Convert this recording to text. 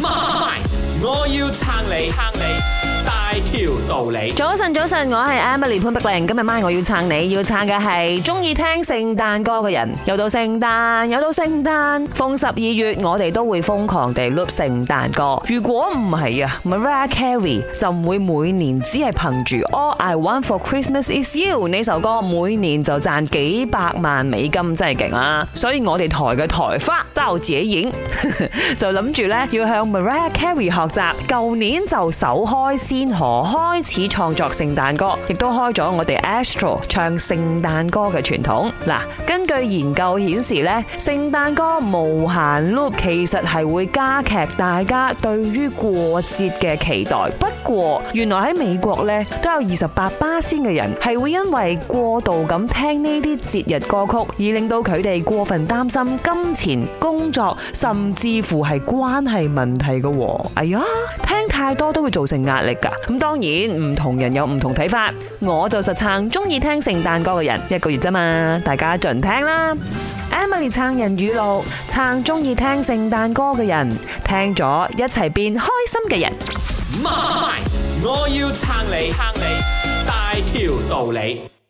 媽咪，我要撐你，撐你大條道理。早晨，早晨，我係 Emily 潘碧瑩。今日晚我要撐你，要撐嘅係中意聽聖誕歌嘅人。又聖誕。又到聖誕，又到聖誕，逢十二月，我哋都會瘋狂地碌聖誕歌不。如果唔係啊，Mariah Carey 就唔會每年只係憑住 All I Want for Christmas Is You 呢首歌，每年就賺幾百萬美金，真係勁啊。所以我哋台嘅台花。影， 就諗住咧要向 Mariah Carey 學習。舊年就首開先河開始創作聖誕歌，亦都開咗我哋 Astro 唱聖誕歌嘅傳統。嗱，根據研究顯示呢，聖誕歌無限 loop 其實係會加劇大家對於過節嘅期待。不過原來喺美國呢都有二十八巴仙嘅人係會因為過度咁聽呢啲節日歌曲，而令到佢哋過分擔心金錢。工作甚至乎係關係問題嘅，哎呀，聽太多都會造成壓力噶。咁當然唔同人有唔同睇法，我就實撐中意聽聖誕歌嘅人，一個月咋嘛，大家盡聽啦。Emily 撐人語錄，撐中意聽聖誕歌嘅人，聽咗一齊變開心嘅人。唔係，我要撐你，撐你大條道理。